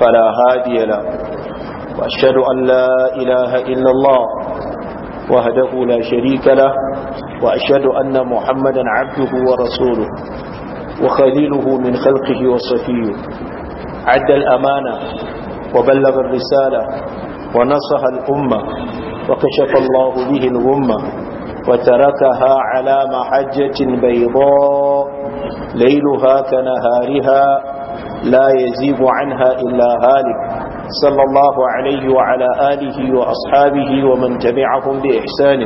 فلا هادي له وأشهد أن لا إله إلا الله وهده لا شريك له وأشهد أن محمدا عبده ورسوله وخليله من خلقه وصفيه عد الأمانة وبلغ الرسالة ونصح الأمة وكشف الله به الغمة وتركها على محجة بيضاء ليلها كنهارها لا يزيب عنها إلا هالك صلى الله عليه وعلى آله وأصحابه ومن تبعهم بإحسان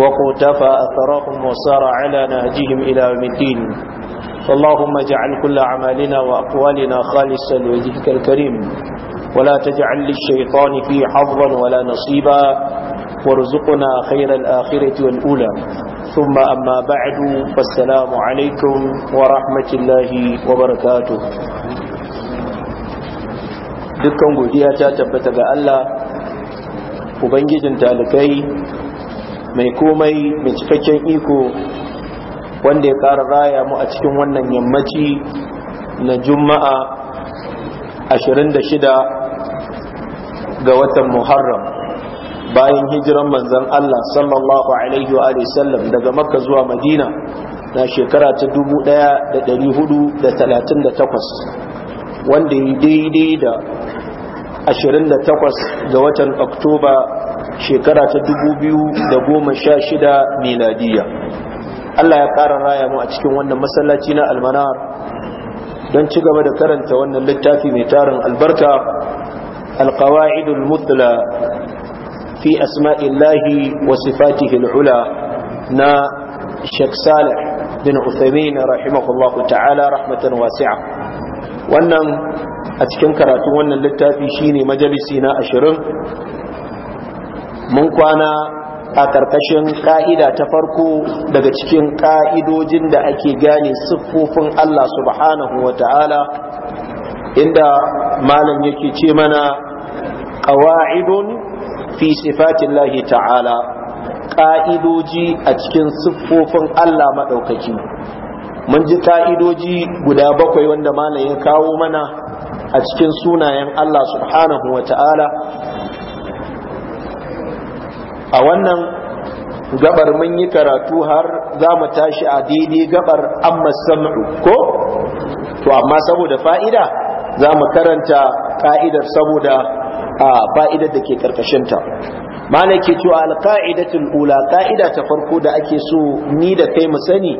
وقتفى أثرهم وسار على نهجهم إلى يوم الدين اللهم اجعل كل أعمالنا وأقوالنا خالصا لوجهك الكريم ولا تجعل للشيطان فيه حظا ولا نصيبا وارزقنا خير الآخرة والأولى ثم أما بعد فالسلام عليكم ورحمة الله وبركاته dukkan godiya ta tabbata ga Allah ubangijin talibai mai komai mai cikakken iko wanda ya ƙara raya mu a cikin wannan yammaci na juma'a 26 ga watan muharram bayan hijiran manzon Allah sallallahu alaihi wa sallam daga makka zuwa madina na shekara ta 1438 wanda ya daidai da 28 ga watan oktoba shekara ta 2016 miladiya Allah ya ƙara raya mu a cikin wannan masallaci na almanar don ci gaba da karanta wannan littafi mai tarin albarka alkawa'idul mutla fi asma'illahi wa sifatihi al'ula na Sheikh Salih bin Uthaymeen rahimahullahu ta'ala rahmatan wasi'a wannan a cikin karatun wannan littafi shine majalisi na ashirin. mun kwana a ƙarƙashin ƙa'ida ta farko daga cikin ƙa'idojin da ake gane siffofin Allah subhanahu wa ta'ala inda malam yake ce mana ƙawa'idun fi sifatillahi ta'ala ƙa'idoji a cikin siffofin Allah madaukaki mun ji ƙa'idoji guda bakwai wanda ya kawo mana a cikin sunayen Allah subhanahu wa ta'ala a wannan gabar mun yi karatu har za mu tashi a daidai gabar amma sam'u ko to amma saboda fa'ida za mu karanta ƙa'idar saboda a fa'idar da ke karkashinta mana ke cewa alƙa'idatul ula ƙa'ida ta farko da ake so ni da kai mu sani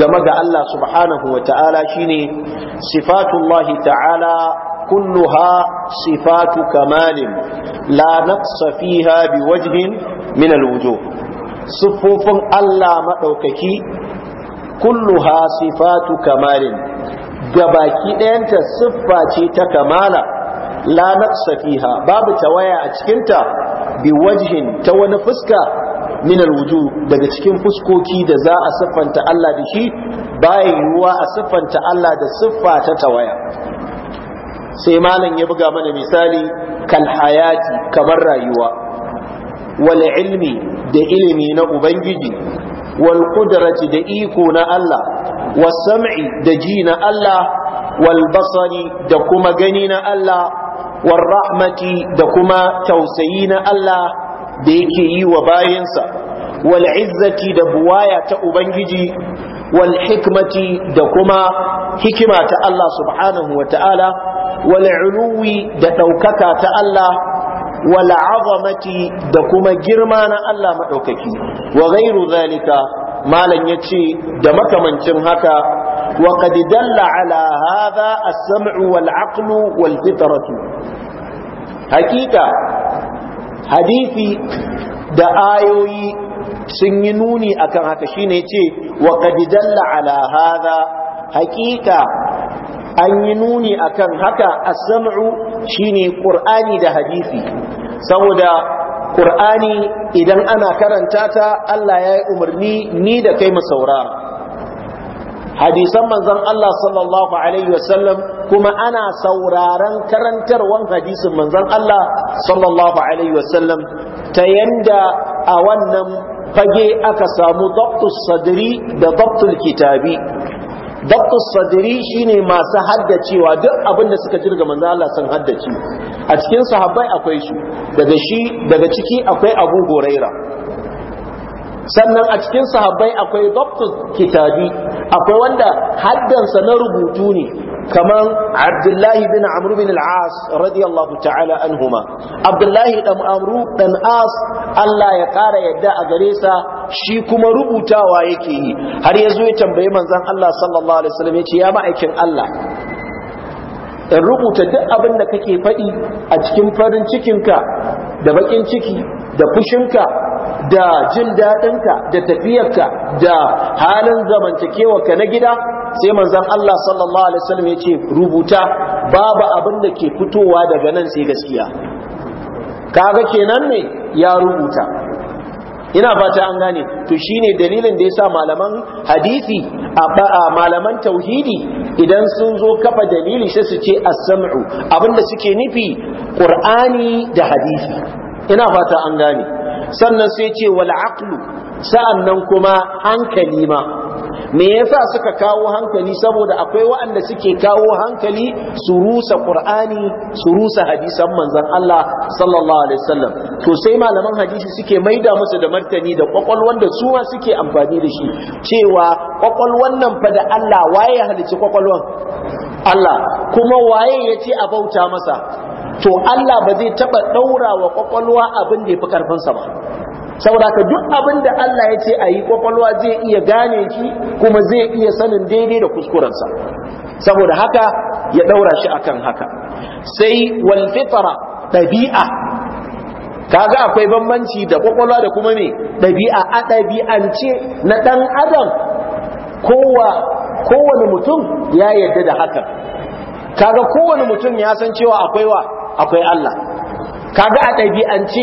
game ga Allah subhanahu wa ta'ala shine sifatullahi ta'ala kulluha sifatu kamalin la naqsa fiha biwajhin min alwujuh siffofin Allah maɗaukaki, kulluha sifatu kamalin gabaki ɗayanta siffa ce ta kamala la naqsa fiha babu tawaya a cikin ta bi wajhin ta wani fuska min alwuju daga cikin fuskoki da za a siffanta Allah da shi bayan yiwuwa a siffanta Allah da siffa ta tawaya sai malam ya buga mana misali kal hayati kamar rayuwa wal ilmi da ilimi na ubangiji wal qudrati da iko na Allah was sam'i da ji na Allah wal basari da kuma gani na Allah war rahmati da kuma tausayi na Allah da yake yi wa bayansa wal izzati da buwaya ta ubangiji wal hikmati da kuma hikima ta Allah subhanahu wa ta'ala wal uluwi da ɗaukaka ta Allah wal azamati da kuma girma na Allah maɗaukaki wa gairu zalika malam yace da makamancin haka وقد دل على هذا السمع والعقل والفطرة حقيقة حديثي da ayoyi sun yi nuni akan haka shine ce wa qad dalla ala hadha haqiqa an yi nuni akan haka as-sam'u shine qur'ani da hadisi saboda qur'ani idan ana karanta ta Allah ya yi umarni ni da kai masaurara. hadisan manzon Allah sallallahu alaihi wasallam kuma ana sauraron karantarwan hadisin manzon Allah sallallahu alaihi wasallam ta yanda a wannan fage aka samu dabtus sadri da dabtul kitabi dabtus sadri shine masu haddacewa duk abin da suka jirga manzon Allah sun haddace a cikin sahabbai akwai shi daga shi daga ciki akwai Abu Huraira sannan a cikin sahabbai akwai dabtul kitabi akwai wanda haddansa na rubutu ne kamar abdullahi bin amru bin al-as radiyallahu ta'ala anhuma abdullahi dan amru dan as Allah ya kara yadda a gare sa shi kuma rubutawa yake yi har zo ya tambaye manzon Allah sallallahu alaihi wasallam yace ya ma'aikin Allah in rubuta duk abin da kake faɗi a cikin farin cikinka da bakin ciki da fushinka da jin daɗinka da tafiyarka da halin zamantakewarka na gida sai manzon Allah sallallahu alaihi wasallam ya ce rubuta babu abin da ke fitowa daga nan sai gaskiya kaga kenan ne ya rubuta ina fata an gane to shine dalilin da yasa malaman hadisi a malaman tauhidi idan sun zo kafa dalili sai su ce as-sam'u abinda suke nufi qur'ani da hadisi ina fata an gane sannan sai ce wal aqlu sa'annan kuma hankali ma me yasa suka kawo hankali saboda akwai waɗanda suke kawo hankali su rusa qur'ani su rusa hadisan manzon Allah sallallahu alaihi wasallam to sai malaman hadisi suke maida musu da martani da kwakwalwan da su ma suke amfani da shi cewa ƙwaƙwalwan nan fa da Allah waye halici kwakwalwan Allah kuma waye yace a bauta masa to Allah ba zai taba daura wa kwakwalwa abin da ya fi karfinsa ba saboda ka duk abin da Allah ya ce a yi kwakwalwa zai iya gane shi kuma zai iya sanin daidai da kuskurensa saboda haka ya ɗaura shi akan haka sai wal fitra ɗabi'a kaga akwai bambanci da kwakwalwa da kuma ne ɗabi'a a ɗabi'ance na ɗan adam kowa kowane mutum ya yarda da hakan kaga kowane mutum ya san cewa akwai wa akwai Allah kaga a ɗabi'ance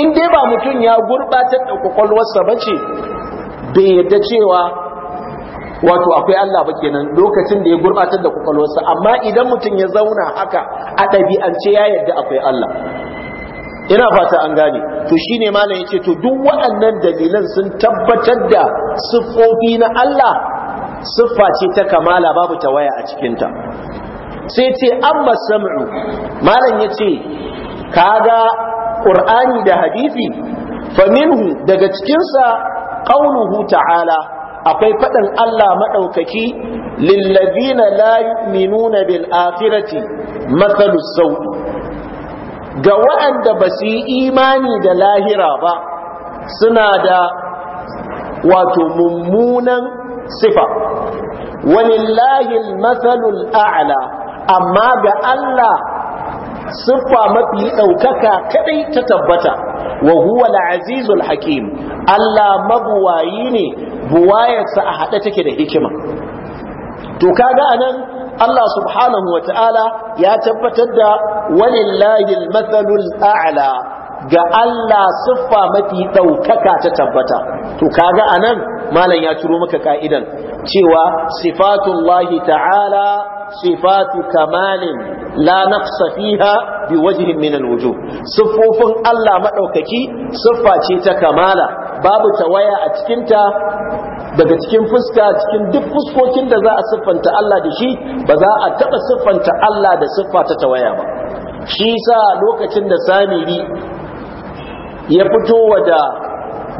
in dai ba mutum ya gurɓatar da kwakwalwarsa ba ce bai yadda cewa wato akwai Allah ba kenan lokacin da ya gurɓatar da kwakwalwarsa amma idan mutum ya zauna haka a ɗabi'ance ya yadda akwai Allah ina fata an gane to shi shine malam ce to duk waɗannan dalilan sun tabbatar da siffofi na Allah siffa ce ta kamala babu ta waya a cikinta sai ce amma sam'u malam ce. kaga qur'ani da hadisi fa daga cikin sa qauluhu ta'ala akwai fadan Allah madaukaki lillazina la yu'minuna bil akhirati mathalus sawi ga waɗanda basu yi imani da lahira ba suna da wato mummunan sifa walillahi al-mathalul a'la amma ga Allah siffa mafi ɗaukaka kadai ta tabbata wa huwa al hakim Allah mabuwayi ne buwayarsa a haɗe take da hikima to kaga anan Allah subhanahu wa ta'ala ya tabbatar da walillahi al-mathalul a'la ga Allah siffa mafi ɗaukaka ta tabbata to kaga anan malam ya ciro maka ka'idan cewa sifatullahi ta'ala sifatu kamalin la نقص fiha بوجه من الوجوه صفوف siffofin Allah madaukaki siffa ce ta kamala babu tawaya a cikin daga cikin fuska cikin duk fuskokin da za a siffanta Allah da shi ba za a taɓa siffanta Allah da siffa ta tawaya ba shi sa lokacin da samiri ya fito wa da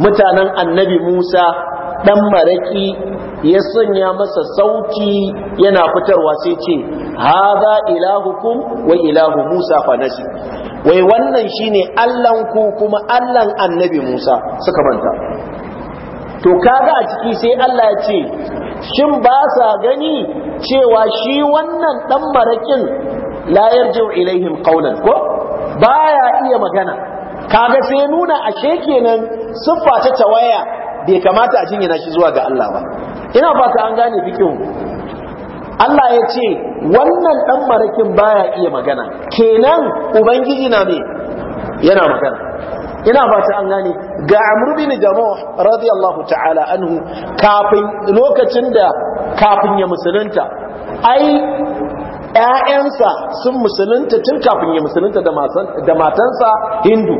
mutanen annabi Musa ɗan maraki ya sanya masa sauti yana fitarwa sai ce haza ilahukum wa ilahu Musa fa nasi wai wannan shine Allahn ku kuma allan annabi Musa suka manta to kaga a ciki sai Allah ya ce shin ba sa gani cewa shi wannan dan marakin la yarju ilaihim qawlan ko baya iya magana kaga sai nuna ashe kenan siffa ta tawaya bai kamata a yana shi zuwa ga Allah ba ina ba an gane fikin Allah ya ce wannan dan marakin baya iya magana kenan ubangiji na me yana magana ina ba an gane ga amru bin Jamuh radiyallahu ta'ala anhu kafin lokacin da kafin ya musulunta ai ‘ya'yansa sun musulunta tun kafin ya musulunta da matansa hindu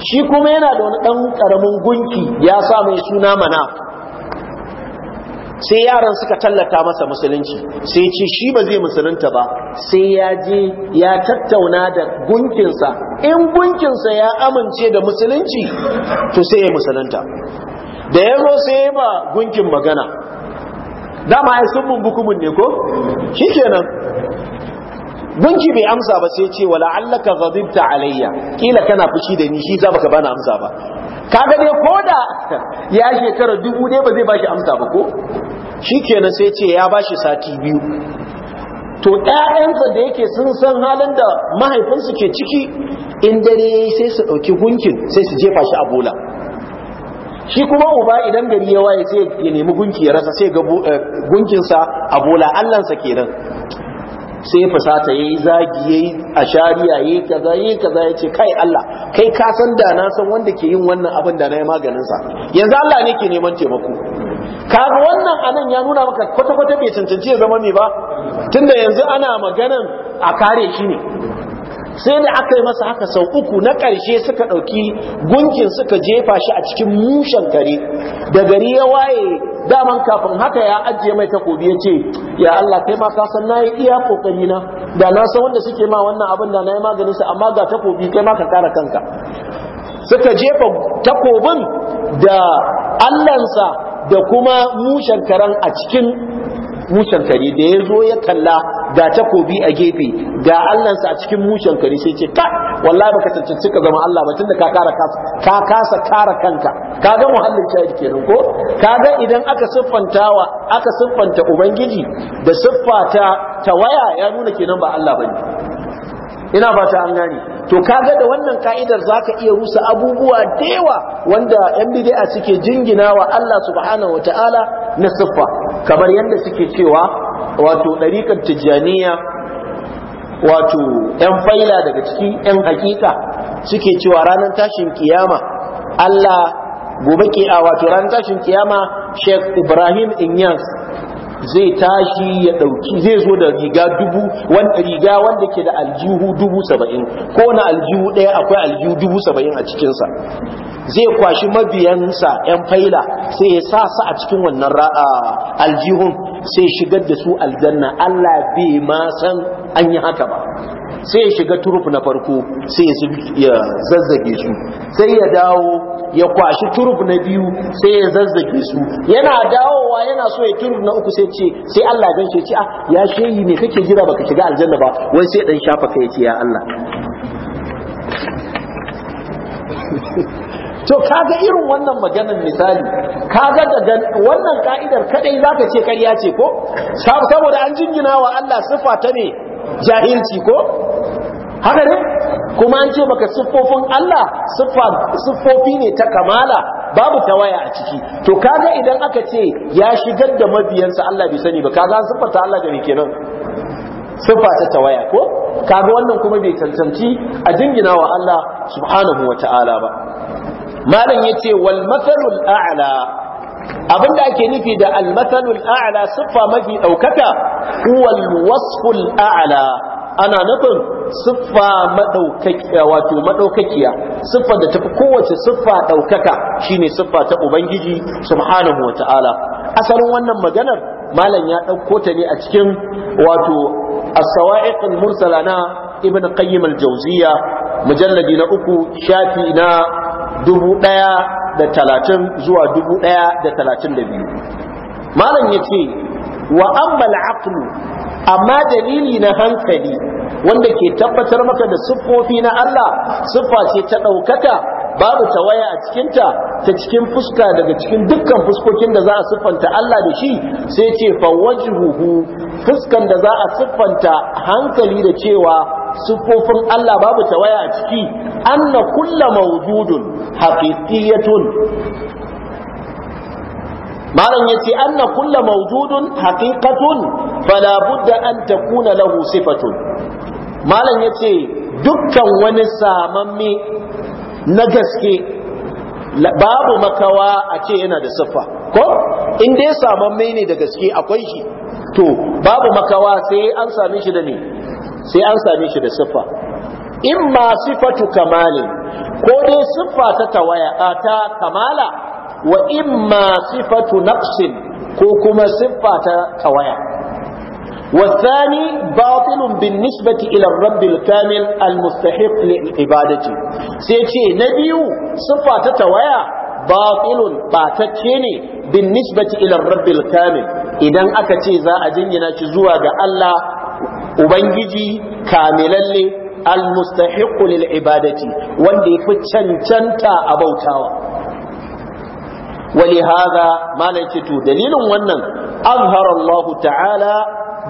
shi kuma yana da wani ɗan karamin gunki ya sa mai suna mana sai yaran suka tallata masa musulunci sai ce shi ba zai musulunta ba sai ya je ya tattauna da gunkinsa in gunkinsa ya amince da musulunci to sai ya musulunta da ya zo sai ba gunkin magana dama ya sun ne ko shi kenan gunki bai amsa ba sai ce wala allaka zazibta alayya kila kana fushi da ni shi za baka bani amsa ba kaga dai ko da ya shekara dubu ɗaya ba zai bashi amsa ba ko shi kenan sai ce ya bashi sati biyu to ɗayansa da yake sun san halin da mahaifinsu ke ciki in dare sai su ɗauki gunkin sai su jefa shi a bola shi kuma uba idan gari ya waye ya nemi gunki ya rasa sai ga eh, gunkinsa a bola allansa kenan sai fusata yayi zagi yayi ashariya yayi kaza yayi kaza yace kai Allah kai ka san da na san wanda ke yin wannan abin da na yi maganin sa yanzu Allah ne ke neman taimako kaga wannan anan ya nuna maka kwata kwata bai cancanci ya zama mai ba tunda yanzu ana maganan a kare shi ne sai da aka yi masa haka sau uku na ƙarshe suka ɗauki gunkin suka jefa shi a cikin mushen gari da gari ya waye daman kafin haka ya ajiye mai takobi ya ce ya Allah kai ma kasan na yi iya kokari na da na san wanda suke ma wannan abin da na yi maganin amma ga takobi kai ma ka kara kanka suka jefa takobin da allansa da kuma mushen karan a cikin mushen kare da ya zo ya kalla ga takobi a gefe ga allansa a cikin mushen kare sai ce ka wallahi baka cancanci ka zama Allah ba tunda ka kara kasa ka kasa kara kanka ka ga muhallin shahid kenan ko ka ga idan aka wa aka siffanta ubangiji da siffa ta waya ya nuna kenan ba Allah bane ina fata an gani. to kaga da wannan ka'idar za ka iya rusa abubuwa da yawa wanda yan bidi'a suke jingina wa Allah subhanahu ta'ala na siffa kamar yadda suke cewa wato dariƙar tijjaniya wato yan faila daga ciki yan hakika suke cewa ranar tashin kiyama Allah gobe ke a wato ranar tashin kiyama Sheikh Ibrahim Inyas zai tashi ya ɗauki zai zo da riga dubu wanda riga wanda ke da aljihu dubu saba'in ko na aljihu ɗaya akwai aljihu dubu saba'in a cikinsa zai kwashi mabiyansa 'yan faila sai ya sa su a cikin wannan aljihun sai shigar da su aljanna Allah bai ma san an yi haka ba sai ya shiga turuf na farko sai ya zazzage su sai ya dawo ya kwashi turub na biyu sai ya zazzage su yana dawowa yana so ya turub na uku sai ce sai Allah ya shi ce ah ya shehi ne kake jira baka shiga aljanna ba wai sai dan shafa kai ce ya Allah to kaga irin wannan maganar misali kaga daga wannan ka'idar kadai zaka ce ƙarya ce ko saboda an jingina wa Allah sifa ta ne jahilci ko haka ne kuma an ce maka siffofin Allah siffofi ne ta kamala babu tawaya a ciki to kaga idan aka ce ya shigar da mabiyansa Allah bai sani ba kaga an siffata Allah da kenan siffa ta tawaya ko kaga wannan kuma bai tantanci a jingina wa Allah subhanahu ta'ala ba malam yace wal mathalul a'la abinda ake nufi da almathalul a'la siffa mafi daukaka huwa wasful a'la ana nufin siffa madaukakiya wato madaukakiya siffa da tafi kowace siffa daukaka shine siffa ta ubangiji subhanahu wataala asalin wannan maganar malam ya dauko ta ne a cikin wato as-sawa'iq al-mursala na ibn qayyim al-jawziya mujalladi na uku shafi na dubu daya da talatin zuwa dubu daya da talatin da biyu malam ya ce wa amma al amma dalili na hankali wanda ke tabbatar maka da siffofi na Allah siffa ce ta ɗaukaka babu tawaya a cikinta ta cikin fuska daga cikin dukkan fuskokin da za a siffanta Allah da shi sai ce fawajhuhu fuskan da za a siffanta hankali da cewa siffofin Allah babu tawaya a ciki anna kulla mawjudun haqiqiyatun malam yace anna kullu mawjudun haqiqatun fala budda an takuna lahu sifatun malam yace dukkan wani samamme na gaske babu makawa a ce yana da siffa ko in dai samamme ne da gaske akwai shi to babu makawa sai an same shi da ne sai an same shi da siffa in ma sifatu kamalin ko dai siffa ta tawaya ta kamala wa imma sifatu naqsin ko kuma siffa ta tawaya والثاني باطل بالنسبة إلى الرب الكامل المستحق لعبادته سيتي نبيو صفة تتوايا باطل باتتيني بالنسبة إلى الرب الكامل إذن أكتي ذا أجنينا تزوى الله أبنجي كاملا لي المستحق للعبادة وندي فتشنشنتا أبوتاوا ولهذا ما نكتو دليل ونن أظهر الله تعالى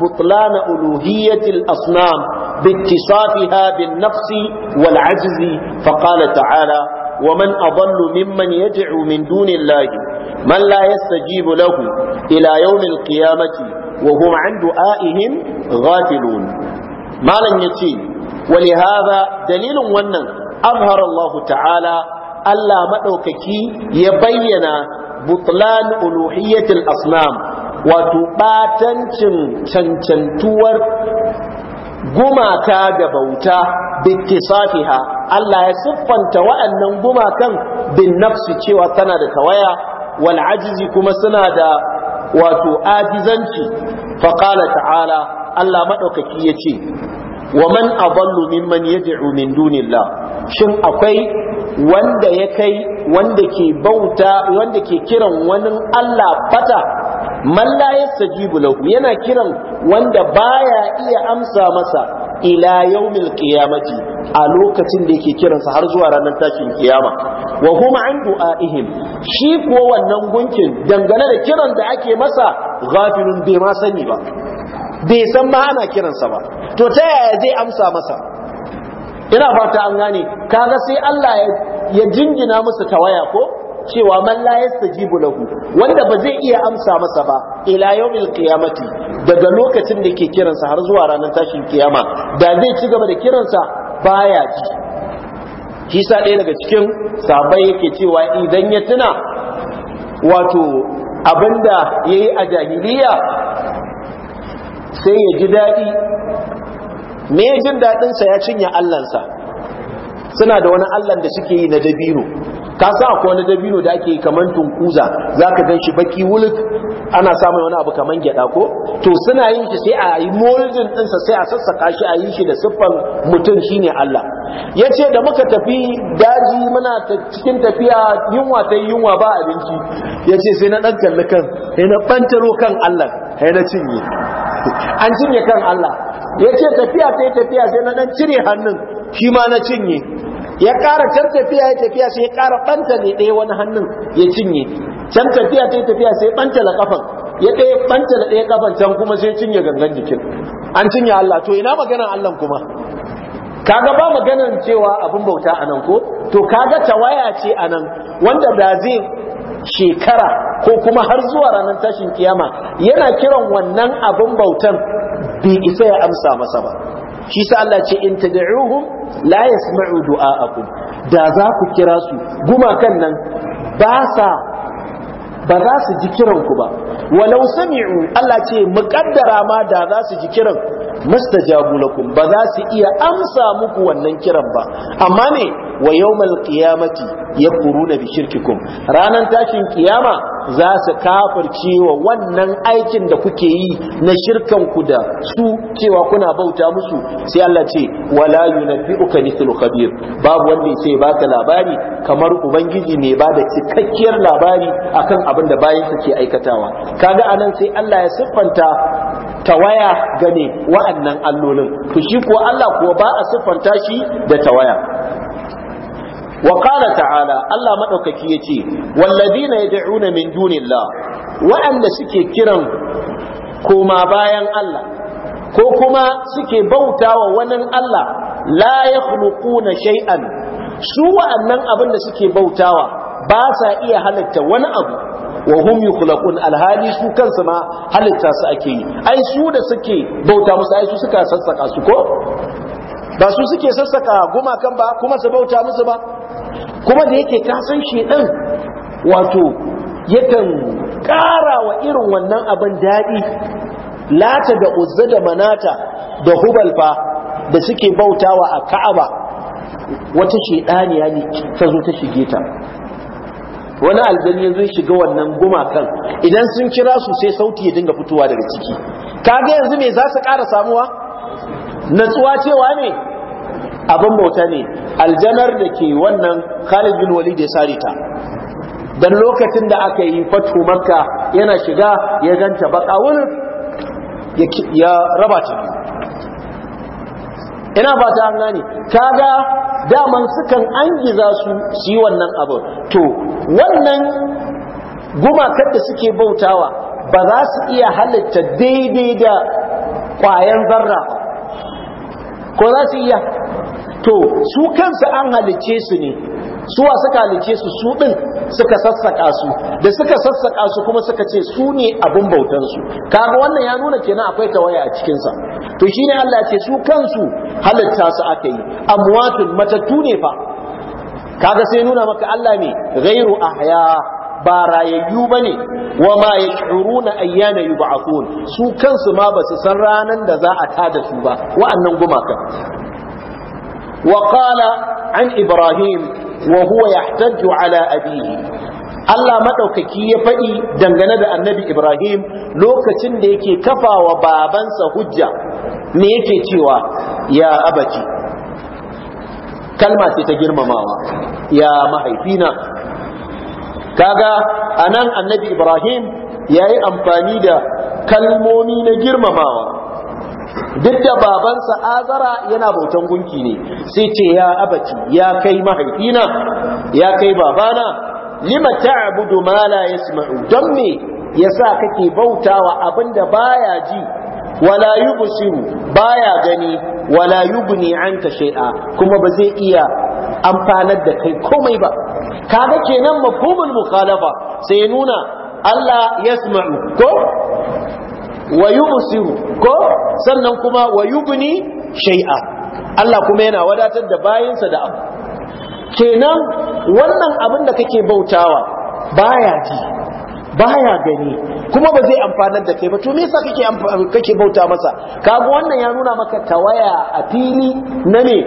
بطلان ألوهية الأصنام باتصافها بالنفس والعجز فقال تعالى ومن أضل ممن يدعو من دون الله من لا يستجيب له إلى يوم القيامة وهم عن دعائهم غافلون ما لن يتي ولهذا دليل ونن أظهر الله تعالى Allah maɗaukaki ya bayyana butlan uluhiyyatil asnam wato ɓatancin cancantuwar gumaka da bauta bittisafiha Allah ya siffanta wa'annan gumakan bin nafsi cewa tana da tawaya wal ajizi kuma suna da wato ajizanci faqala ta'ala Allah maɗaukaki ya ce wa man adallu mimman yad'u min dunillah shin akwai wanda ya kai wanda ke bauta wanda ke kiran wani Allah fata man la yastajibu lahu yana kiran wanda baya iya amsa masa ila yawmil qiyamati a lokacin da yake kiransa har zuwa ranar tashin kiyama wa huma an du'aihim shi kuwa wannan gunkin dangane da kiran da ake masa ghafilun bai ma sani ba bai san ma ana kiransa ba to ta yaya zai amsa masa ina fata an gane kaga sai Allah ya jingina musu tawaya ko cewa man la yastajibu lahu wanda ba zai iya amsa masa ba ila yawmil qiyamati daga lokacin da yake kiransa har zuwa ranar tashin kiyama da zai ci gaba da kiransa baya ji shi ɗaya daga cikin sabai yake cewa idan ya tuna wato abinda yayi a jahiliya sai ya ji daɗi me jin daɗinsa ya cinye allansa suna da wani allan da suke yi na dabino ka sa akwai wani dabino da ake kaman tunkuza za ka gan shi baki wuluk ana samun wani abu kamar gyaɗa ko to suna yin shi sai a yi moldin ɗinsa sai a sassaka shi a yi shi da siffan mutum shine Allah ya ce da muka tafi daji muna cikin tafiya yunwa ta yunwa ba abinci ya ce sai na ɗan kalli kan sai na ɓantaro kan Allah sai na cinye an cinye kan Allah ya ce tafiya ta yi tafiya sai na ɗan cire hannun shi ma na cinye ya ƙara can tafiya ya tafiya sai ya ƙara ɓanta ne ɗaya wani hannun ya cinye can tafiya ta yi tafiya sai ɓanta da ƙafan ya ɗaya ɓanta da ɗaya ƙafan can kuma sai cinye gangan jikin an cinye Allah to ina maganar Allah kuma Ka ga ba maganar cewa abin bauta anan ko to kaga tawaya ce anan wanda da zai shekara ko kuma har zuwa ranar tashin kiyama yana kiran wannan abin bautan bai isa ya amsa masa ba shi sa Allah ce in tad'uhum la yasma'u du'a'akum da za ku kira su guma kan nan ba sa ba za su ji kiran ku ba walau sami'u Allah ce muqaddara ma da za su ji kiran mustajabu lakum ba za su iya amsa muku wannan kiran ba amma ne wa yawmal qiyamati yakfuruna bi shirkikum ranan tashin kiyama za su kafirce wa wannan aikin da kuke yi na shirkan ku da su cewa kuna bauta musu sai Allah ce wala yunabbi'uka mithlu khabir babu wanda ya sai baka labari kamar ubangiji ne ba da cikakkiyar labari akan abin da bayan suke aikatawa kaga anan sai Allah ya siffanta tawaya gane wa'annan allolin to shi ko Allah kuwa ba a siffanta shi da tawaya wa qala ta'ala Allah madaukaki yace walladina yad'una min dunillah Waɗanda suke kiran koma bayan Allah ko kuma suke bautawa wani Allah la yakhluquna shay'an su wa'annan abin da suke bautawa ba sa iya halitta wani abu wa hum yukhlaqun alhali su kansu ma halitta su ake yi ai su da suke bauta musu ai su suka sassaka su ko ba su suke sassaka gumakan ba kuma su bauta musu ba kuma da yake kasan shedan wato yakan ƙara wa irin wannan abin daɗi lata da uzza da manata da hubalfa da suke bautawa a ka'aba wata shedaniya ne ta zo ta shige ta wani aljani yanzu ya shiga wannan gumakan idan sun kira su sai sauti ya dinga fitowa daga ciki kaga yanzu me za su ƙara samuwa natsuwa cewa ne abin bauta ne aljanar da ke wannan Khalid bin Walid ya sare ta dan lokacin da aka yi fatu makka yana shiga ya ganta baka ya ya raba ta ina ba ta an gane kaga daman sukan an su su yi wannan abin to wannan gumakar da suke bautawa ba za su iya halitta daidai da kwayan zarra ko za su iya to su kansu an halicce su ne su wa suka halicce su su din suka sassaka su da suka sassaka su kuma suka ce su ne abun bautan su kaga wannan ya nuna kenan akwai tawaya a cikin sa to shine Allah ya ce su kansu halitta su aka yi amwatun matattu ne fa kaga sai nuna maka Allah ne ghairu ahya ba rayayyu bane wa ma na ayyana yub'athun su kansu ma basu san ranar da za a tada su ba wa'annan gumaka wa kala an ibrahim wa huwa yahtaju ala abihi Allah maɗaukaki ya faɗi dangane da annabi Ibrahim lokacin da yake kafa wa babansa hujja ne yake cewa ya abaci kalma ce ta girmamawa ya mahaifina kaga anan annabi ibrahim ya yi amfani da kalmomi na girmamawa duk da babansa azara yana bautan gunki ne sai ce ya abaci ya kai mahaifina ya kai babana lima ta'budu ma la yasma'u don me yasa kake bautawa abinda baya ji wala yubsiru baya gani wala yubni anka shay'a kuma ba zai iya amfanar da kai komai ba kaga kenan mafhumul mukhalafa sai ya nuna Allah yasma'u ko wa yubsiru ko sannan kuma wa yubni shay'a Allah kuma yana wadatar da bayinsa da abu kenan wannan abin da kake bautawa baya ji baya gani kuma ba zai amfanar da kai ba to me yasa kake kake bauta masa kaga wannan ya nuna maka tawaya a fili na ne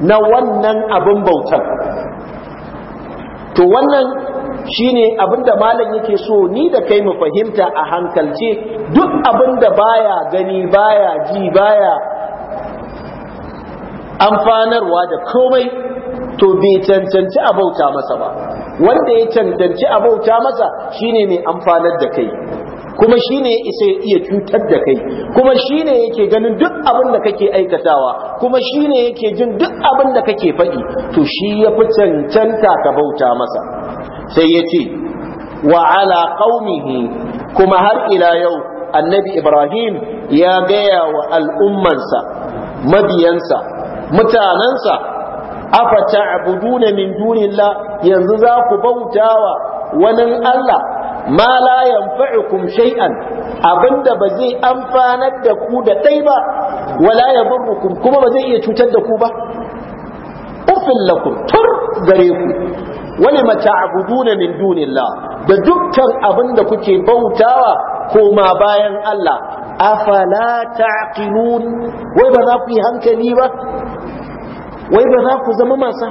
na wannan abin bautar to wannan shine abinda malam yake so ni da kai mu fahimta a hankalce duk abin da baya gani baya ji baya amfanarwa da komai to bai cancanci a bauta masa ba wanda ya cancanci a bauta masa shine mai amfanar da kai kuma shine isa iya cutar da kai kuma shine yake ganin duk abin da kake aikatawa kuma shine yake jin duk abin da kake faɗi to shi ya fi cancanta ka bauta masa sai ya ce wa ala kuma har ila yau annabi ibrahim ya gaya wa al'ummansa mabiyansa mutanansa afa ta'buduna min dunillah yanzu za ku bautawa wani Allah ma la yanfa'ukum shay'an abinda ba zai amfanar da ku da ɗai ba wala yadurrukum kuma ba zai iya cutar da ku ba Ufin lakum tur gare ku wani mata'buduna min dunillah da dukkan abinda kuke bautawa koma bayan Allah afala ta'qilun wai ba za ku yi hankali ba wai ba za ku zama masu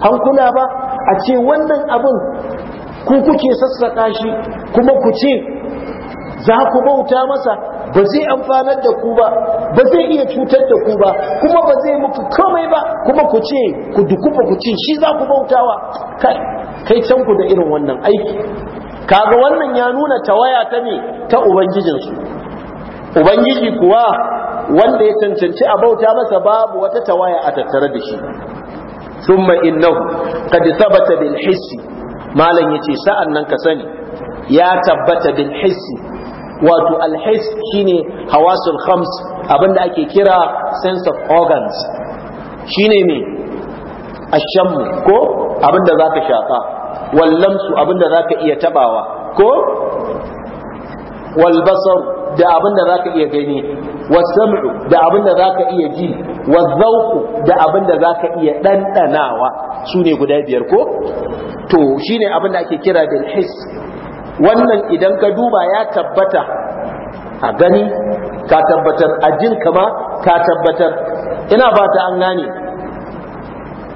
hankula ba a ce wannan abin ku kuke sassaka shi kuma ku ce za ku bauta masa ba zai amfanar da ku ba ba zai iya cutar da ku ba kuma ba zai muku komai ba kuma ku ce ku ba ku ce shi za ku bautawa kai kai can ku da irin wannan aiki kaga wannan ya nuna tawaya ta ne ta ubangijinsu ubangiji kuwa wanda ya cancanci a bauta masa babu wata tawaya a tattare da shi ثم إنه قد ثبت بالحس malam yace sa'an nan ka sani ya tabbata bil hissi wato al hiss shine hawasul khams abinda ake kira sense of organs shine ne ashammu ko abinda zaka shafa wallamsu abinda zaka iya tabawa ko wal basar da abinda zaka iya gani wasam'u da abin da zaka iya ji wadhauqu da abin da zaka iya dandanawa ne guda biyar ko to shine abin da ake kira bil his wannan idan ka duba ya tabbata a gani ka tabbatar a jin kama ka tabbatar ina ba ta an gane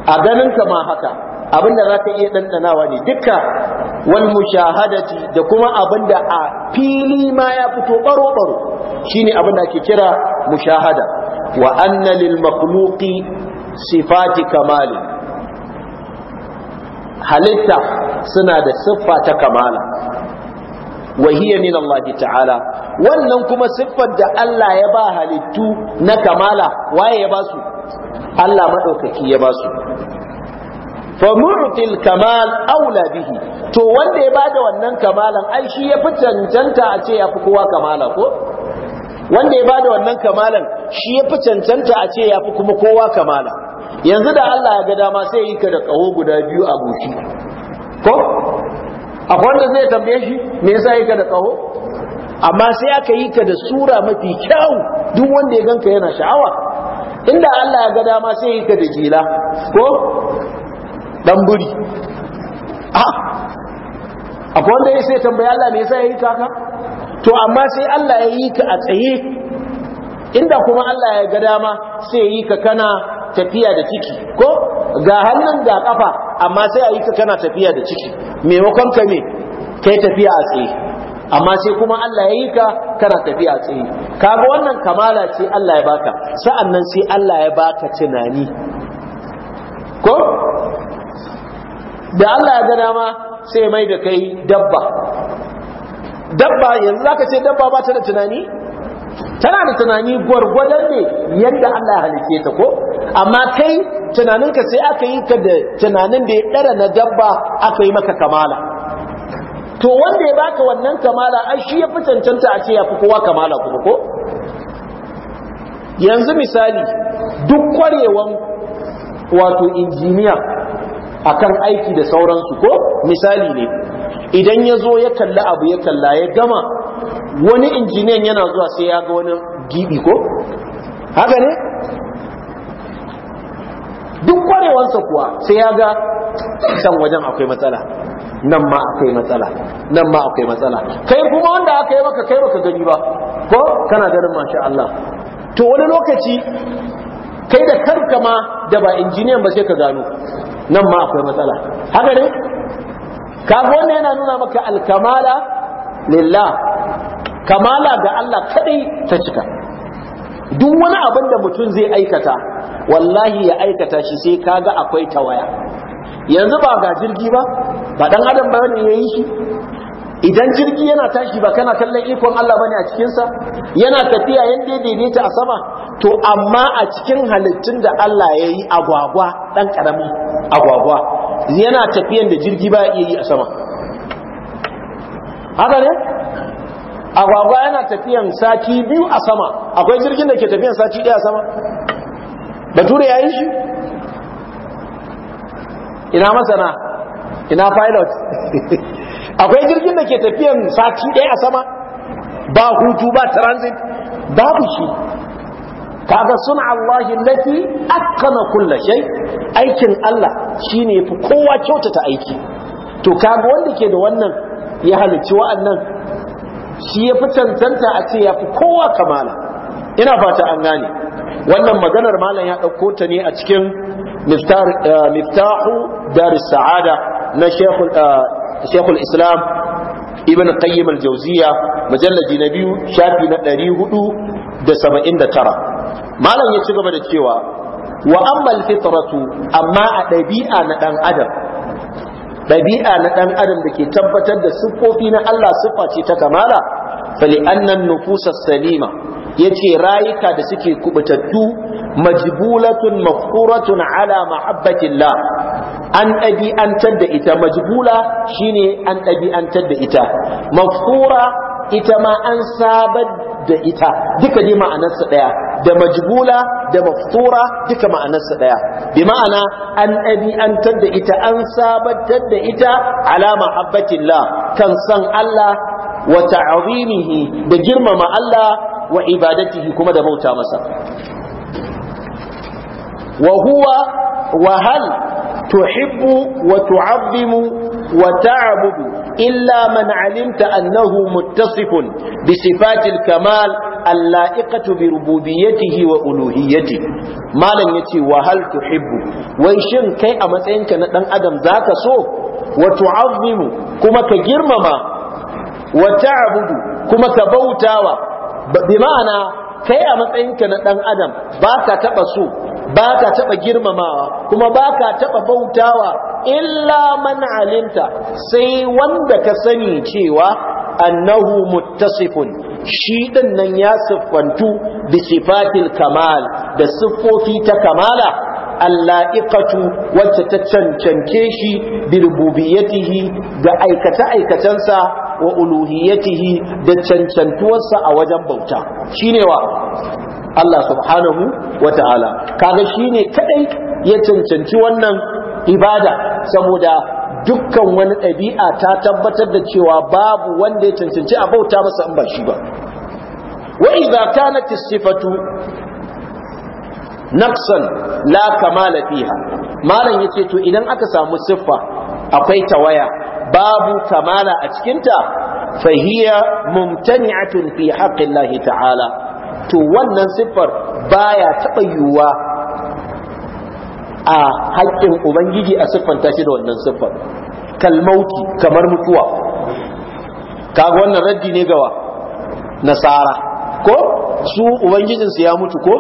a ganin kama haka da za ta iya ɗanɗanawa ne duka wal mushahadati da kuma abinda a fili ma ya fito baro-baro shine abinda ake kira mushahada wa anna lil sifati kamali halitta suna da siffa ta kamala wa min Allah ta'ala wannan kuma siffar da Allah ya ba halittu na kamala waye ya ba su Allah maɗaukaki ya ba su fa mu'til kamal aula bihi to wanda ya bada wannan kamalan ai shi ya fi cancanta a ce ya fi kowa kamala ko wanda ya bada wannan kamalan shi ya fi cancanta a ce ya fi kuma kowa kamala yanzu da Allah ya ga dama sai yi ka da kawo guda biyu a goshi ko akwai wanda zai tambaye shi me yasa yi ka da kawo? amma sai aka yi ka da sura mafi kyau duk wanda ya ganka yana sha'awa inda Allah ya ga dama sai yi ka da jila ko dan buri a akwai wanda ya sai tambaya Allah me yasa yi kaka to amma sai Allah ya yi ka a tsaye inda kuma Allah ya ga dama sai ya yi ka kana tafiya da ciki ko ga hannun ga kafa amma sai a yi ka kana tafiya da ciki maimakon ka me kai tafiya a tsaye amma sai kuma Allah ya yi ka kana tafiya a tsaye kaga wannan kamala ce Allah ya baka sa'annan sai Allah ya baka tunani ko da Allah ya ga dama sai mai da kai dabba dabba yanzu zaka ce dabba ba ta da tunani tana da tunani gwargwadon ne yadda Allah ya halice ta ko amma kai ka sai aka yi ka da tunanin da ya ɗara na dabba aka yi maka kamala to wanda ya baka wannan kamala ai shi ya fi cancanta a ce ya fi kowa kamala kuma ko yanzu misali duk kwarewan wato injiniya akan aiki da sauransu ko misali ne idan ya zo ya kalla abu ya kalla ya gama wani injiniyan yana zuwa sai ya ga wani gibi ko haka ne duk kwarewansa kuwa sai ya ga can wajen akwai matsala nan ma akwai matsala nan ma akwai matsala kai kuma wanda aka yi maka kai baka gani ba ko kana ganin masha Allah to wani lokaci kai da karka ma da ba injiniyan ba sai ka gano nan ma akwai matsala haka ne kaga wannan yana nuna maka alkamala lillah kamala ga Allah kadai ta cika duk wani abin da mutum zai aikata wallahi ya aikata shi sai kaga akwai tawaya yanzu ba ga jirgi ba ba dan adam ba ne yayi shi idan jirgi yana tashi ba kana kallon ikon Allah bane a cikin sa yana tafiya yanda ya daidaita a sama to amma a cikin halittun da Allah ya yi agwagwa ɗan ƙaramin agwagwa yana tafiyan da jirgi ba iya yi a sama haka ne agwagwa yana tafiyan sati biyu a sama akwai jirgin da ke tafiyan sati ɗaya a sama bature ya yi shi ina masana ina pilot akwai jirgin da ke tafiyan sati ɗaya a sama ba hutu ba transit babu shi kaga sun Allahi lafi akkana kulla shai, aikin Allah shi yafi kowa kyautata aiki to kaga wanda ke da wannan ya halicci wa'annan shi yafi cancanta a ce yafi kowa kamala ina fata an gane wannan maganar malam ya ɗauko ta ne a cikin eh, miftahu darus sa'ada na shekul eh, islam ibn qayyim al-jawziya mujallaji na biyu shafi na 479 malam ya ci gaba da cewa wa ammal fitratu amma a ɗabi'a na ɗan adam ɗabi'a na ɗan adam da ke tabbatar da siffofi na Allah siffa ce ta kamala fali annan nufusa salima yace rayuka da suke kubutattu majbulatun mafkuratun ala mahabbatillah an ɗabi'antar da ita majbula shine an ɗabi'antar da ita mafkura ita ma an sabar da ita duka dai ma'anarsa ɗaya da majbula da maftura duka ma'anarsa daya bi ma'ana an ɗabi'antar da ita an sabatar da ita ala mahabbatillah kan san Allah wa ta'azimihi da girmama Allah wa ibadatihi kuma da bauta masa wa huwa wa hal tuhibbu wa tu'azzimu wa ta'budu illa man 'alimta annahu muttasifun bi sifatil kamal alla'iqatu bi rububiyyatihi wa uluhiyyati malam yace wa hal tuhibbu wai shin kai a matsayinka na dan adam zaka so wa tu'azzimu kuma ka girmama wa ta'budu kuma ka bautawa bi ma'ana kai a matsayinka na ɗan adam ba ka taba so ba ka taɓa girmamawa kuma ba ka taɓa bautawa illa man alimta sai wanda ka sani cewa annahu muttasifun shi ɗin nan ya siffantu bi sifatil kamal da siffofi ta kamala alla'iƙatu wacce ta cancance shi bi rububiyatihi da aikace-aikacensa wa uluhiyatihi da cancantuwarsa a wajen bauta shine wa Allah subhanahu wa ta'ala kaga ne kadai ya cancanci wannan ibada saboda dukkan wani ɗabi'a ta tabbatar da cewa babu wanda ya cancanci a bauta masa an ba shi ba wa idza kanat sifatu naqsan la kamala fiha malam yace to idan aka samu siffa akwai tawaya babu kamala a cikinta fahiya mumtani'atun fi haqqillahi ta'ala to wannan siffar baya taɓa yiwuwa a haƙƙin ubangiji a siffanta shi da wannan siffar kalmauti kamar mutuwa kaga wannan raddi ne gawa nasara ko su ubangijinsu ya mutu ko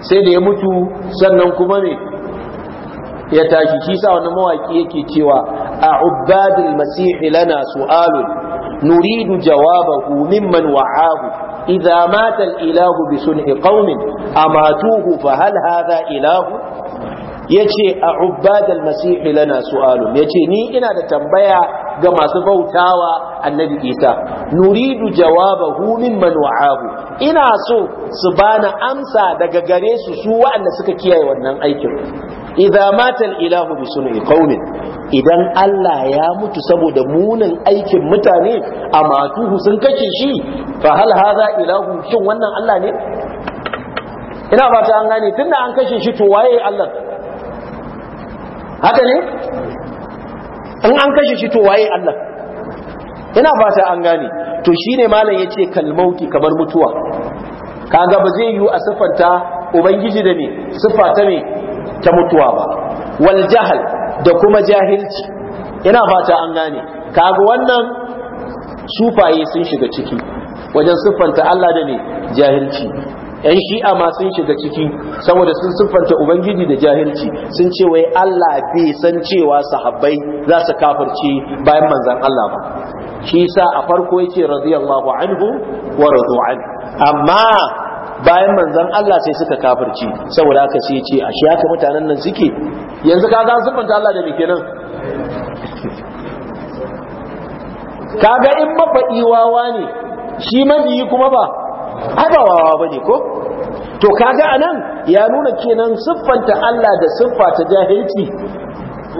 sai da ya mutu sannan kuma ne ya tashi shi sa wani mawaki yake cewa a ubadul masih lana su'alun nuridu jawabahu mimman wa'ahu idza mata al-ilahu bi sun'i qaumin amatuhu fa hal hadha ilahu yace a ubbadal masihi lana su'alun yace ni ina da tambaya ga masu bautawa annabi isa nuridu jawabahu mimman wa'ahu ina so su bani amsa daga gare su su wa'anda suka kiyaye wannan aikin idza mata ilahu bi suna qaumin idan Allah ya mutu saboda munin aikin mutane a amatuhu sun kace shi fa hal hadha ilahu shin wannan Allah ne ina ta an gane tunda an kashe shi to waye Allah haka ne in an kashe shi to waye Allah ina fata an gane to shine malam yace kalmauti kamar mutuwa kaga ba zai yiwu a siffanta ubangiji da ne siffa ta ne ta mutuwa ba wal jahal da kuma jahilci ina fata an gane kaga wannan sufaye sun shiga ciki wajen siffanta Allah da ne jahilci yan shi'a ma sun shiga ciki saboda sun siffanta ubangiji da jahilci sun ce wai Allah bai san cewa sahabbai za su kafirce bayan manzon Allah ba shi sa a farko ce radiyallahu anhu wa radu an amma bayan manzon Allah sai suka kafirci saboda aka ce ce a shi haka mutanen nan suke yanzu ka ga zubanta Allah da me kenan kaga in mafaɗi wawa ne shi mabiyi kuma ba haka wawa bane ko to kaga anan ya nuna kenan siffanta Allah da siffa ta jahilci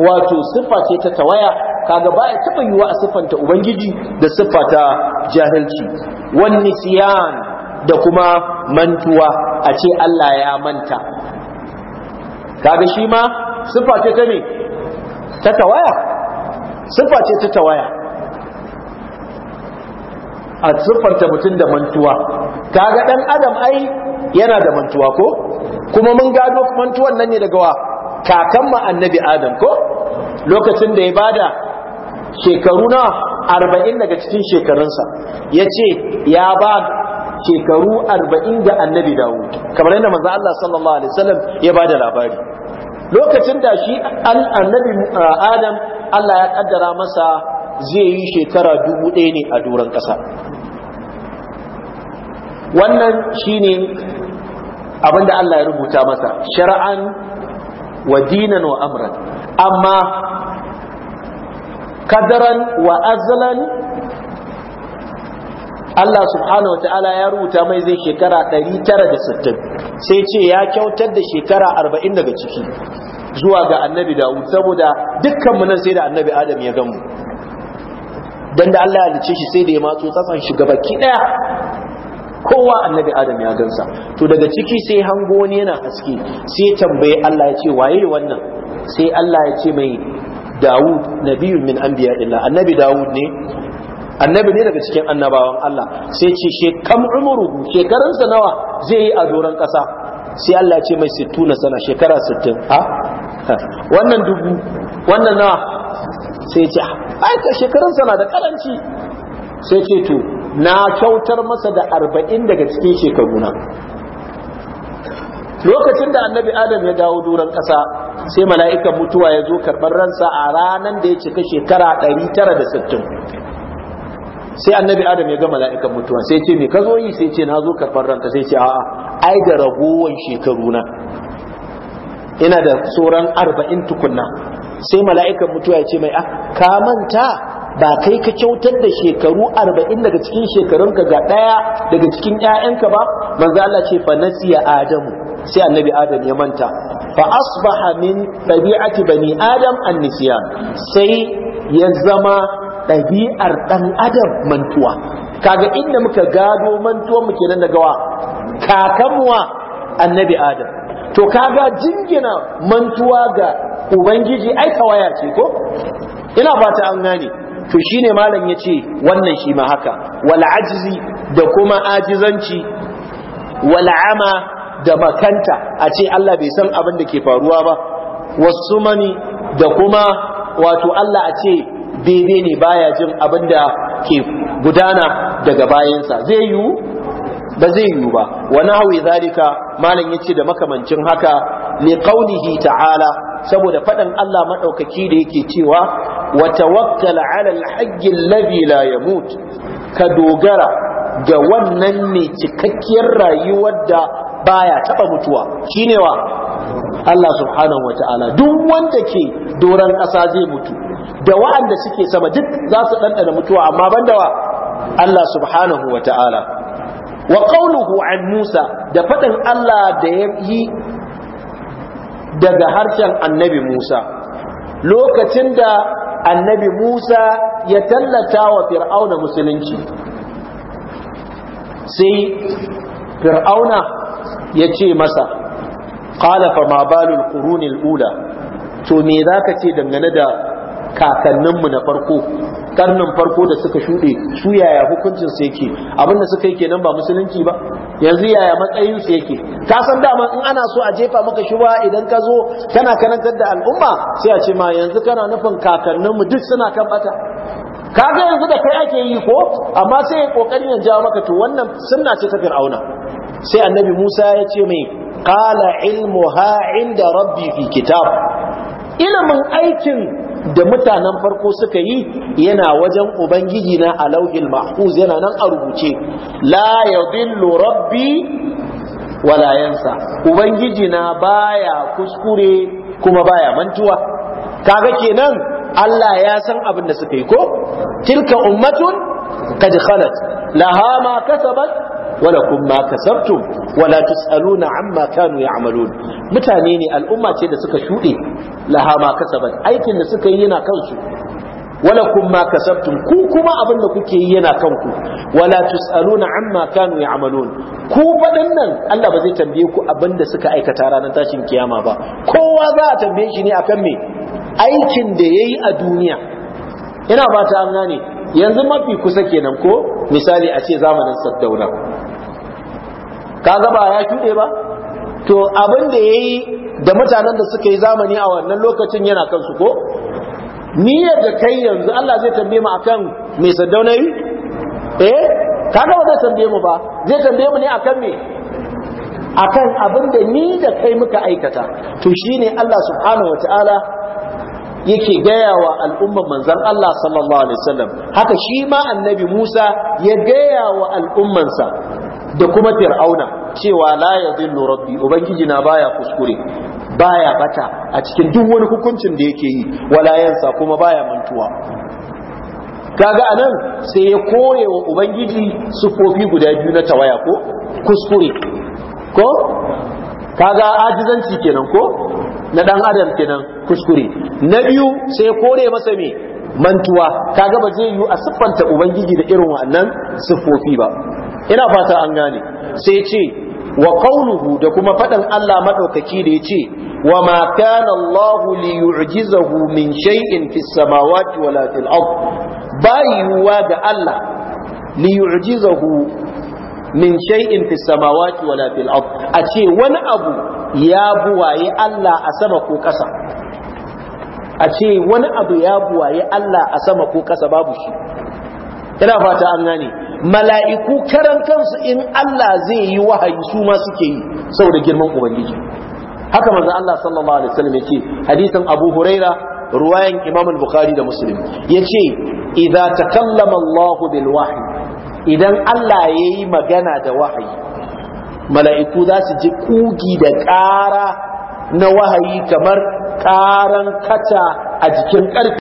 wato siffa ce ta tawaya kaga baya taba yiwa a siffanta ubangiji da siffata jahilci wan nisyan da kuma mantuwa a ce Allah ya manta kaga shi ma siffa ta me ta tawaya ta tawaya a siffanta mutum da mantuwa kaga dan adam ai yana da mantuwa ko kuma mun gado mantuwan nan ne daga wa kakan ma annabi adam ko lokacin da ya bada shekaru na arba'in daga cikin shekarunsa ya ce ya ba shekaru arba'in ga annabi dawo, kamar yadda maza Allah sallallahu alaihi wasallam ya ba da labari lokacin da shi annabi adam Allah ya kaddara masa zai yi shekara dubu ɗaya ne a duran ƙasa wannan shine abin da Allah ya rubuta masa shari'an wa dinan wa amran amma kadaran wa azlan Allah subhanahu wataala ya rubuta mai zai shekara 960 sai ce ya kyautar da shekara 40 daga ciki zuwa ga annabi Dawud saboda dukkan mu nan sai da annabi Adam ya gamu dan da Allah ya lice shi sai da ya matso tsatsan shi gaba kowa annabi Adam ya gansa to daga ciki sai hango wani yana haske sai tambaye Allah ya ce waye wannan sai Allah ya ce mai Dawud nabiyun min anbiya'illah annabi Dawud ne annabi ne daga cikin annabawan Allah sai ce she kam umuru sa nawa zai yi a doron kasa sai Allah ce mai 60 na sana shekara 60 ha wannan dubu wannan nawa sai ce ai ka shekarunsa na da karanci sai ce to na kyautar masa da 40 daga cikin shekaruna lokacin da annabi adam ya dawo duran ƙasa sai mala'ikan mutuwa ya zo karɓar ransa a ranar da ya cika shekara 960 sai annabi adam ya ga mala'ikan mutuwa sai ce me ka zo yi sai ce na zo karɓar ranka sai ce a'a ai da ragowar shekaru na ina da tsoron arba'in tukunna sai mala'ikan mutuwa ya ce mai ah ka manta ba kai ka kyautar da shekaru arba'in daga cikin shekarunka ga ɗaya daga cikin ‘ya'yanka ba manzo Allah ce fa nasiya adamu sai annabi adam ya manta fa asbaha min tabi'ati bani adam an-nisyan sai ya zama ɗabi'ar ɗan adam mantuwa kaga inda muka gado mantuwan mu kenan daga wa kakanwa annabi adam to kaga jingina mantuwa ga ubangiji ai tawaya ce ko ina fata an gane to shine malam yace wannan shi ma haka wal ajzi da kuma ajizanci wal ama da makanta a ce Allah bai san abin da ke faruwa ba wasu mani da kuma wato Allah a ce bebe ne baya jin abin da ke gudana daga bayansa zai yiwu ba zai yiwu ba wani hawi zalika malam ce da makamancin haka ne kaunihi ta'ala saboda faɗan Allah maɗaukaki da yake cewa wa tawakkal 'ala al labila ya la yamut ka dogara ga wannan ne cikakkiyar rayuwar da baya taba mutuwa shine wa Allah subhanahu wataala duk wanda ke doran ƙasa zai mutu da wa'anda suke sama duk za su ɗanɗana mutuwa amma banda wa Allah subhanahu wataala wa qawluhu an Musa da faɗin Allah da ya yi daga harshen annabi Musa lokacin da annabi Musa ya tallata wa fir'auna musulunci sai fir'auna ya ce masa qala fa ma balul qurunil ula to me zaka ce dangane da kakanninmu na farko karnin farko da suka shuɗe su yaya hukuncin su yake abin da suka yi kenan ba musulunci ba yanzu yaya matsayin su yake ka san dama in ana so a jefa maka shuba idan ka zo kana karantar da al'umma sai a ce ma yanzu kana nufin kakanninmu duk suna kan bata ga yanzu da kai ake yi ko amma sai ya kokarin ya jawo maka to wannan sunna ce ta fir'auna sai annabi Musa ya ce mai ilmu ha inda rabbi fi kitab ilimin aikin da mutanen farko suka yi yana wajen ubangiji na alauhil mahfuz yana nan a rubuce la yadillu rabbi wala yansa ubangiji na baya kuskure kuma baya mantuwa kaga kenan Allah ya san abin da suka yi ko tilka ummatun qad khalat laha ma kasabat wa lakum ma kasabtum tusaluna amma kanu ya'malun mutane ne al'umma ce da suka shuɗe laha ma aikin da suka yi yana kansu wala kuma kasabtum ku kuma abin da kuke yi yana kanku wala tusaluna amma kanu ya'malun ku fadan nan Allah ba zai tambaye ku abin da suka aikata ranar tashin kiyama ba kowa za a tambaye shi ne akan me aikin da yayi a duniya ina fata ta amna ne yanzu mafi kusa kenan ko misali a ce zamanin Saddauna kaga ba ya shuɗe ba to abin da ya yi da mutanen da suka yi zamani a wannan lokacin yana kansu ko niyyar da kai yanzu Allah zai tambaye mu akan me saddauna yi eh kaga ba zai tambaye mu ba zai tambaye mu ne akan me akan abin da ni da kai muka aikata to shine Allah subhanahu wataala yake gaya wa al'umman manzan Allah sallallahu alaihi wasallam haka shi ma annabi Musa ya gaya wa al'ummansa da kuma fir'auna cewa la yadhillu rabbi ubangiji na baya kuskure baya bata a cikin duk wani hukuncin da yake yi wala yansa kuma baya mantuwa kaga anan sai ya koye wa ubangiji sufofi guda biyu na tawaya ko kuskure ko kaga ajizanci kenan ko na dan adam kenan kuskure na biyu sai ya kore masa me mantuwa kaga ba zai yi a siffanta ubangiji da irin wannan siffofi ba ina fata an gane sai ce wa qawluhu da kuma fadan Allah madaukaki da yace wa ma kana Allah li yu'jizahu min shay'in fis samawati wala fil ard bayuwa ga Allah li yu'jizahu min shay'in fis samawati wala fil ard a ce wani abu ya buwaye Allah a sama ko kasa a ce wani abu ya buwaye Allah a sama ko kasa babu shi ina fata an gane mala'iku karan kansu in Allah zai yi wahayi su ma suke yi saboda girman ubangiji haka manzo Allah sallallahu alaihi wasallam yake hadisin Abu Huraira ruwayan Imam bukhari da Muslim yace idza takallama Allah bil wahyi idan Allah yayi magana da wahayi mala'iku za su ji kugi da ƙara na wahayi kamar ƙaran kata a jikin ƙarfi